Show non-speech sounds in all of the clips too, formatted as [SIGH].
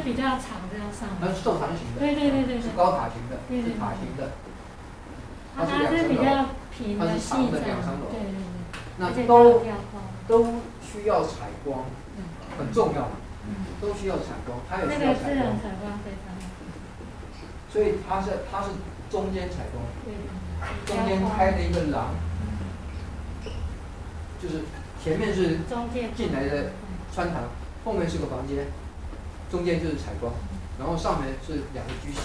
比較長，這樣上。它是瘦長型的，對對對對，是高塔型的，是塔型的。它是比較平的，它是長的，對對對。那都都需要採光，很重要，都需要採光，它也是，需要採光。那個自然採光，所以它是它是中間採光，中間開的一個廊，就是前面是進來的穿堂，後面是個房間。中間就是採光，然後上面是兩個居室，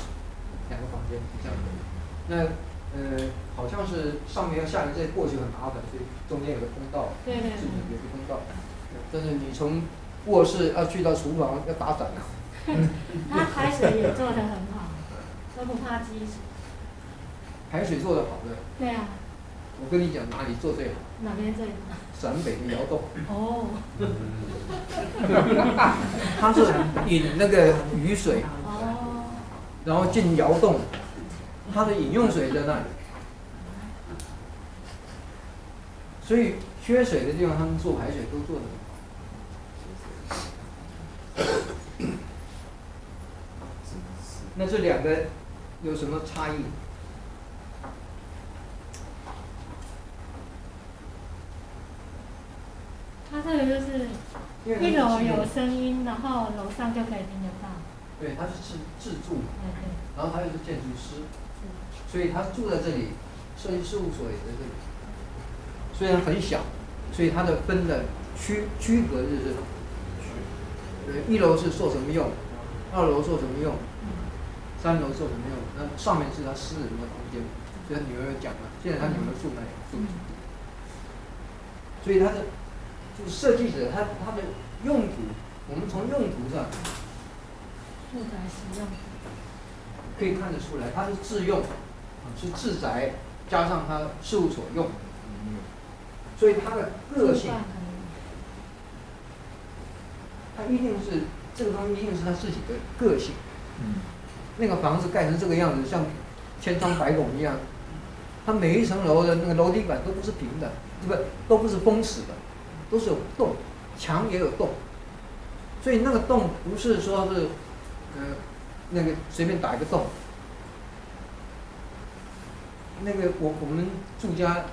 兩個房間這樣。那呃，好像是上面要下來再過去很麻煩，所以中間有個通道，對對對，有個通道。但是你從臥室要去到廚房要打傘啊。那排水也做得很好，都不怕積水。排水做得好的。對啊。我跟你講，哪裡做最好？哪邊最好？陝北的窑洞。哦。他 [LAUGHS] 是引那個雨水。哦。然後進窑洞，他的飲用水在那裡。所以缺水的地方，他們做排水都做的 [COUGHS] 那這兩個有什麼差異？一樓有聲音，然後樓上就可以聽得到。對，他是自自住，然後他又是建築師，所以他住在這裡，設計事務所也在這裡。雖然很小，所以他的分的區區隔就是，對，一樓是做什麼用，二樓做什麼用，三樓做什麼用，那上面是他私人的空間。所以他女兒要講嘛、啊，現在他女兒住那裡，所以他的。就設計者他他的用途，我們從用途上宅用可以看得出來，他是自用，是自宅加上他事務所用，所以他的個性，他一定是這個東西一定是他自己的個性。那個房子蓋成這個樣子，像千瘡百孔一樣，它每一層樓的那個樓梯板都不是平的，不是都不是封死的。都是有洞，牆也有洞，所以那個洞不是說是，呃，那個隨便打一個洞。那個我我們住家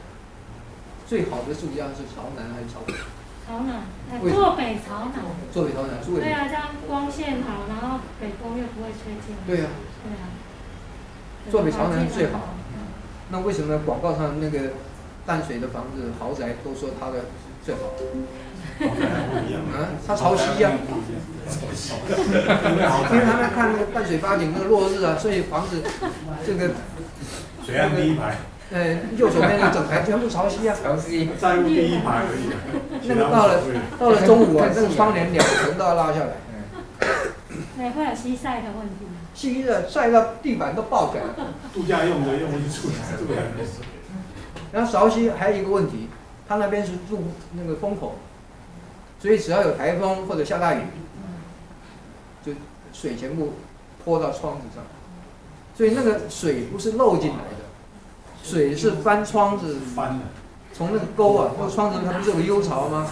最好的住家是朝南還是朝北？朝南。坐北朝南。坐北朝南。對啊，這樣光線好，然後北風又不會吹進來。對啊。對啊。坐北朝南最好。嗯。那為什麼廣告上那個淡水的房子豪宅都說它的？最好，嗯，它、啊、朝西啊，因為他在看那個淡水八景那個落日啊，所以房子這個，水岸第一排，呃，右手邊那整排全部朝西啊，朝西。再入第一排而已那個到了到了中午啊，那個窗簾兩層都要拉下來，嗯。哪會有西曬的問題？西熱曬到地板都爆開，度假用的用不着處理，對不對？然後朝西還有一個問題。它那邊是住那個風口，所以只要有颱風或者下大雨，就水全部潑到窗子上，所以那個水不是漏進來的，水是翻窗子，翻的，從那個溝啊，那個窗子，它不是有個 U 槽嗎？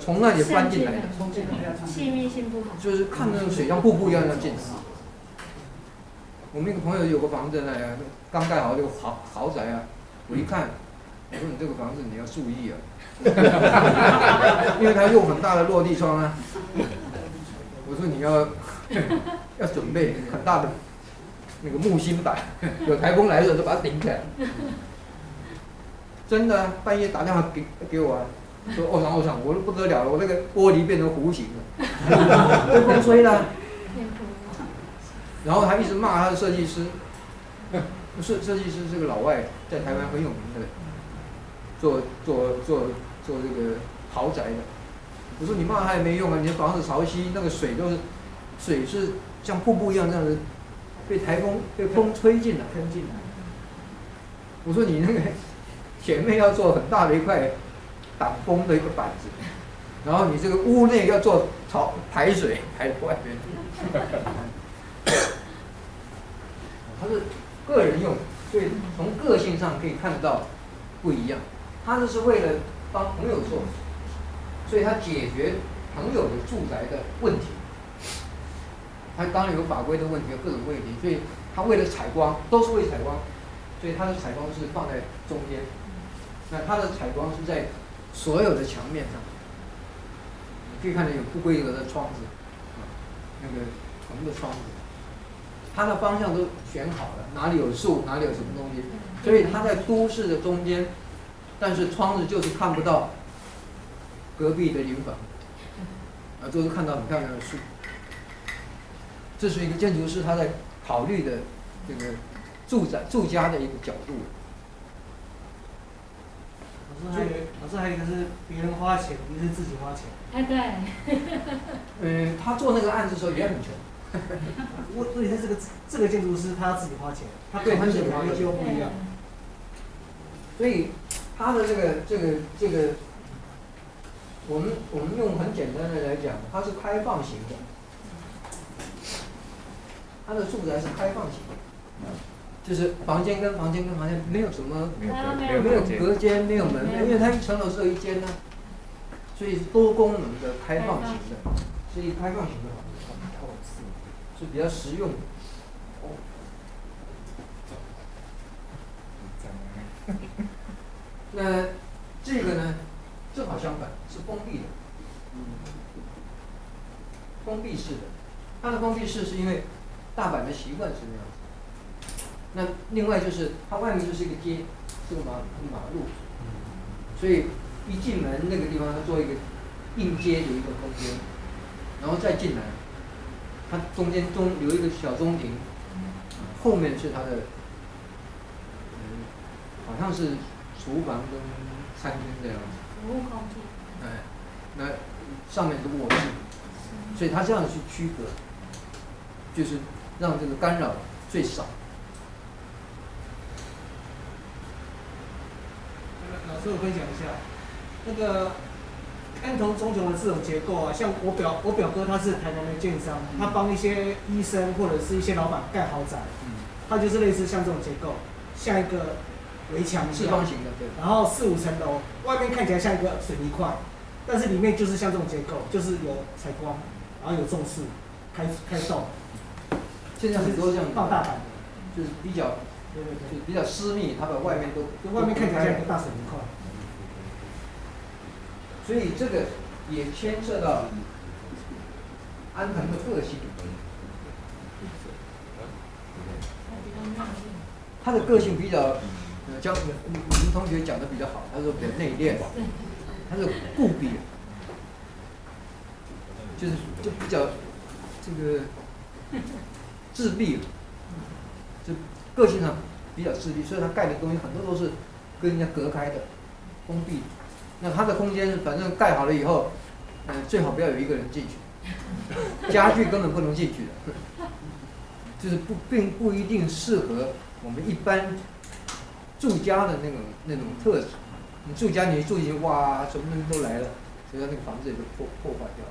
從那裡翻進來的，縫隙性不好，就是看那個水像瀑布一樣要進。我們一個朋友有個房子呢、啊，剛蓋好就豪豪宅啊，我一看。我說你這個房子你要注意啊， [LAUGHS] 因為他用很大的落地窗啊。我說你要要準備很大的那個木心板，有台風來的時候就把它頂起來。 [LAUGHS] 真的，半夜打電話給給我啊，說哦上哦上，哦我都不得了了，我那個玻璃變成弧形了，被風吹了。然後他一直罵他的設計師，設設計師，是個老外，在台灣很有名的。做做做做這個豪宅的，我說你罵他也沒用啊！你的房子潮汐，那個水都是水是像瀑布一樣這樣子被，被台風被風吹進來噴進來。來我說你那個前面要做很大的一塊擋風的一個板子，然後你這個屋內要做潮排水，排到外面。 [LAUGHS] 他是個人用，所以從個性上可以看得到不一樣。他這是為了幫朋友做，所以他解決朋友的住宅的問題。他當然有法規的問題和各種問題，所以他為了採光都是為採光，所以他的採光是放在中間。那他的採光是在所有的牆面上，你可以看到有不規則的窗子，那個銅的窗子，他的方向都選好了，哪裡有樹，哪裡有什麼東西，所以他在都市的中間。但是窗子，就是看不到隔壁的樓房，啊，就是看到很漂亮的樹。這是一個建築師他在考慮的這個住宅住家的一個角度。老師還，有一個是別人花錢，一個是自己花錢。哎、啊，對。嗯、 [LAUGHS] 呃，他做那個案子的時候也很窮。對 [LAUGHS] [LAUGHS] 我，那這個這個建築師他要自己花錢，他對他自己朋友就不一樣。所以。它的這個這個這個，我們我們用很簡單的來講，它是開放型的，它的住宅是開放型的，就是房間跟房間跟房間沒有什麼，沒有沒有隔間，沒有，沒有門，有因為它一層樓只有一間呢，所以多功能的開放型的，所以開放型的房子，是比較實用的。是的，它的封閉式是因為大阪的習慣是那樣子。那另外就是它外面就是一個街，是個馬，馬路。嗯。所以一進門那個地方它做一個硬接的一個空間，然後再進來，它中間中有一個小中庭，後面是它的，嗯，好像是廚房跟餐廳的樣子。公共空間。哎，那、嗯、上面是臥室。所以他這樣去區隔，就是讓這個干擾最少。老師，我分享一下，那個安藤忠雄的這種結構啊，像我表我表哥他是台南的建商，嗯、他幫一些醫生或者是一些老闆蓋豪宅，嗯、他就是類似像這種結構，像一個圍牆一樣，四方形的，然後四五層樓，外面看起來像一個水泥塊，但是裡面就是像這種結構，就是有採光。很、啊、有重視，開開造，現在很多這樣放大版的，就是比較，對對對，就比較私密，他把外面都就外面看起來大手一塊，所以這個也牽涉到安藤的個性。嗯、他的個性比較，江們、嗯、呃、同學講的比較好，他說比較內斂，對他是固執。 [LAUGHS] 就是就比較這個自閉，就個性上比較自閉，所以他蓋的東西很多都是跟人家隔開的，封閉。那他的空間反正蓋好了以後，嗯，最好不要有一個人進去，家具根本不能進去的。就是不並不一定適合我們一般住家的那種那種特質。你住家你一住進去哇，什麼東西都來了，所以那個房子也就破破壞掉了。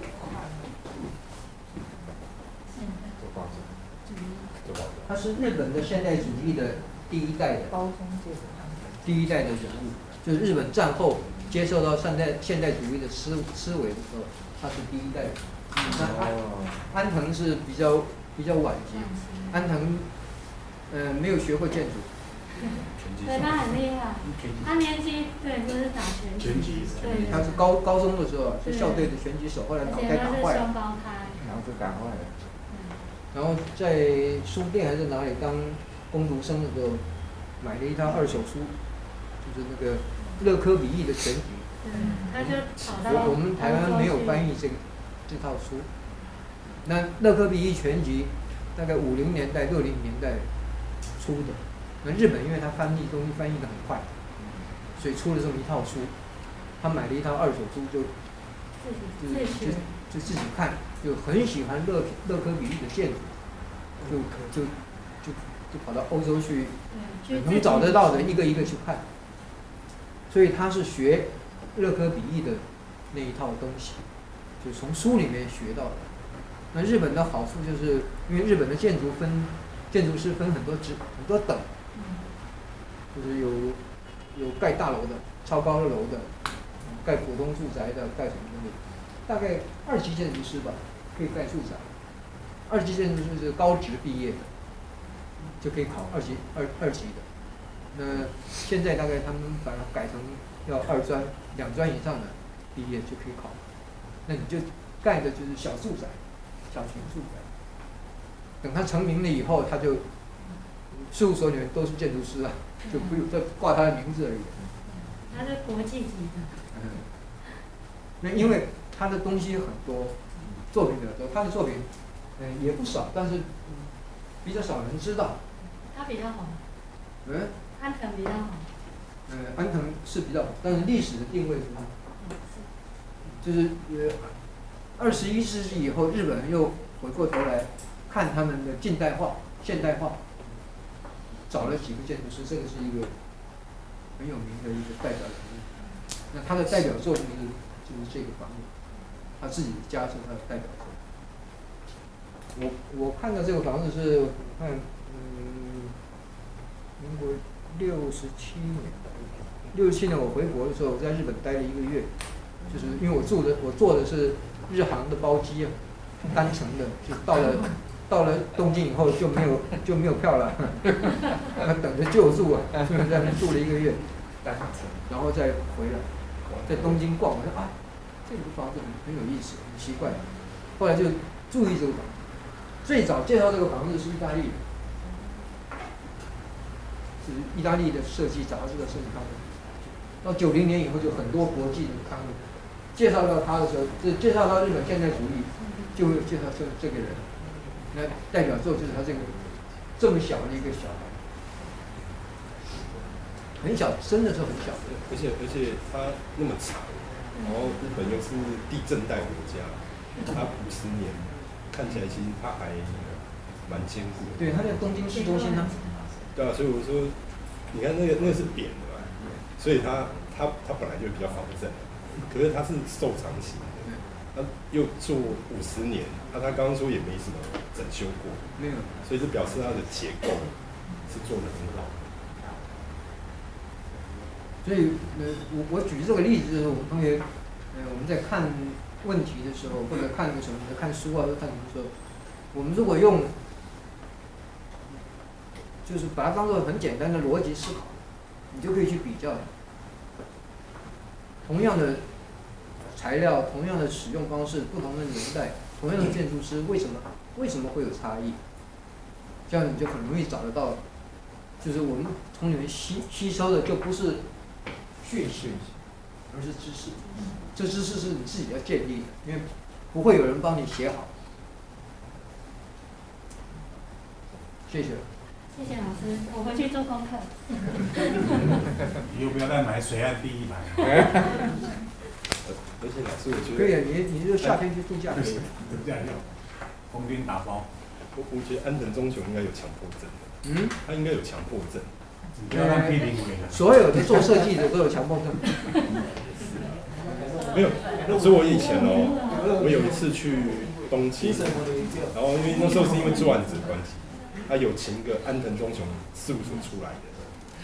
他是日本的現代主義的第一代的，第一代的人物，就是日本戰後接受到現代現代主義的思思維的時候，他是第一代的。那安安藤是比較比較晚些，安藤呃沒有學過建築，對，他很厲害，他年輕對就是打拳擊，對，他是高高中的時候是校隊的拳擊手，後來腦袋打壞了，然後就打壞了。然後在書店還是哪裡當工讀生的時候，買了一套二手書，就是那個樂科比意的全集。他就了。我們台灣沒有翻譯這個這套書。那樂科比意全集大概五零年代、六零年代出的。那日本因為他翻譯東西翻譯得很快，所以出了這麼一套書。他買了一套二手書就就就，就，就，就自己看。就很喜歡勒勒柯比意的建築，就可就就就跑到歐洲去，能找得到的一個一個去看。所以他是學勒柯比意的那一套東西，就是從書裡面學到的。那日本的好處就是因為日本的建築分建築師分很多職很多等，就是有有蓋大樓的、超高樓的、蓋普通住宅的、蓋什麼東西，大概二級建築師吧。可以蓋住宅，二級建築師是高職畢業的，就可以考二級二二級的。那現在大概他們反而改成要二專兩專以上的畢業就可以考。那你就蓋的就是小住宅，小型住宅。等他成名了以後，他就事務所裡面都是建築師啊，就不用再掛他的名字而已。他是國際級的。嗯。那因為他的東西很多。作品比較多，他的作品，嗯，也不少，但是比較少人知道。他比較好。嗯。安藤比較好。嗯，安藤是比較好，但是歷史的定位怎麼樣？就是呃，二十一世紀以後，日本人又回過頭來看他們的近代化、現代化，找了幾個建築師，這個是一個很有名的一個代表人物。那他的代表作品就是、就是、這個房子。他自己的家是他的代表作。我我看到這個房子，是我看，嗯，民國六十七年，六十七年我回國的時候，我在日本待了一個月，就是因為我住的我坐的是日航的包機啊，單程的，就到了 [LAUGHS] 到了東京以後就沒有就沒有票了， [LAUGHS] 等着救助啊，就在那住了一個月，單程，然後再回來，在東京逛，我說啊。這個房子很很有意思，很奇怪。後來就注意這個房子，最早介紹這個房子是意大利的，是意大利的設計雜誌的設計方。到九零年以後，就很多國際刊物介紹到他的時候，就介這介紹到日本現代主義，就會介紹這這個人。那代表作就是他這個這麼小的一個小房子，很小，真的是很小的。而且而且他那麼長。然後日本又是地震帶國家，它，五十年看起來其實它還蠻堅固的。對，它在東京是多險啊。對啊，所以我說，你看那個那是扁的嘛，所以它它它本來就比較防震，可是它是瘦長型的，它又做五十年，那它，它剛剛說也沒什麼整修過，沒有，所以是表示它的結構是做得很好。所以，呃，我我舉這個例子，就是我們同學，呃，我們在看問題的時候，或者看什麼，看書啊，或者看什麼時候，我們如果用，就是把它當做很簡單的邏輯思考，你就可以去比較，同樣的材料、同樣的使用方式、不同的年代、同樣的建築師，為什麼為什麼會有差異？這樣你就很容易找得到，就是我們從裡面吸吸收的就不是。見識，確實而是知識。這知識是你自己要建立的，因為不會有人幫你寫好。謝謝。謝，謝老師，我回去做功課。 [LAUGHS] 你又不要再買水岸第一排。而且老師我覺得可以啊，你你這夏天去度假。怎麼樣？紅軍打包。我我覺得安藤忠雄應該有強迫症。嗯。他應該有強迫症。 [NOISE] 你讓他批評，所有的做設計的都有強迫症。沒有，所以我以前哦，我有一次去東京，然後因為那時候是因為轉職的關係，他有請一個安藤忠雄事務所出來的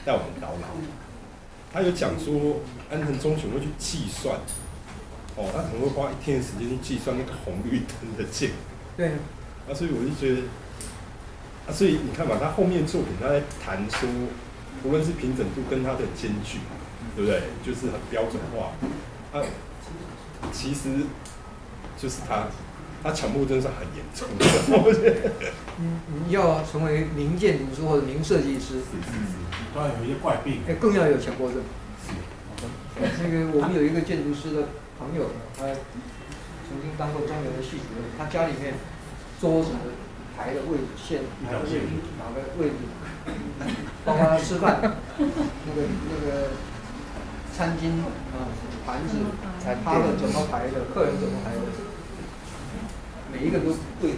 帶我們導覽，他有講說安藤忠雄會去計算，哦，他可能會花一天的時間去計算那個紅綠燈的間隔。對。啊，所以我就覺得，啊，所以你看嘛，他後面作品他在談說無論是平整度跟它的間距，對不對？就是很標準化。啊，其實，就是它，它強迫症是很嚴重的。你 [LAUGHS] 、嗯、要成為名建築師或者名設計師，當然有一些怪病，欸、更要有強迫症是是、嗯。那個我們有一個建築師的朋友，他曾經當過中原的系主任，他家裡面做什麼？排的位置，哪個位，哪個位置，包括他吃飯，那個那個餐巾啊、盤子，他的怎麼排的，客人怎麼排的，每一個都對的。